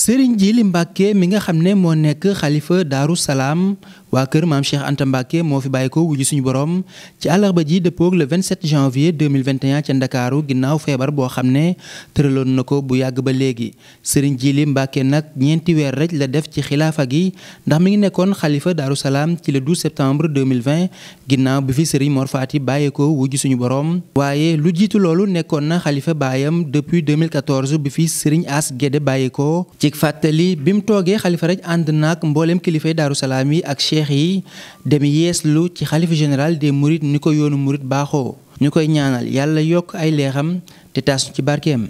sëriñ Jili Mbàkke mi nga xam ne moo nekk kalifa Daaru Salaam waa kër maam Cheikh Anta Mbacke moo fi bàyyi ko wuju suñu borom ci àllarba ji dëppoog le 27 janvier 2021 ca ndakaaru ginnaaw feebar boo xam ne tëraloon na ko bu yàgg ba léegi sëriñ Jili Mbacke nag ñeenti weer rek la def ci xilaafa gi ndax mi ngi nekkoon xalifa Daaru Salaam ci le 12 septembre 2020 ginnaaw bi fi sëriñ Mor Fati bàyyi ko wuju suñu borom waaye lu jiitu loolu nekkoon na xalifa baayam depuis 2014 bi fi sëriñ As Guédé bàyyi ko ci fàttali bi mu toogee xalifa rek ànd naag mbooleem kilifay Daaru Salaam yi cheikh yi dem yeeslu ci xalifa général des mourides ni ko yoonu murit baaxoo ñu koy ñaanal yàlla yokk ay leexam te taas ci barkeem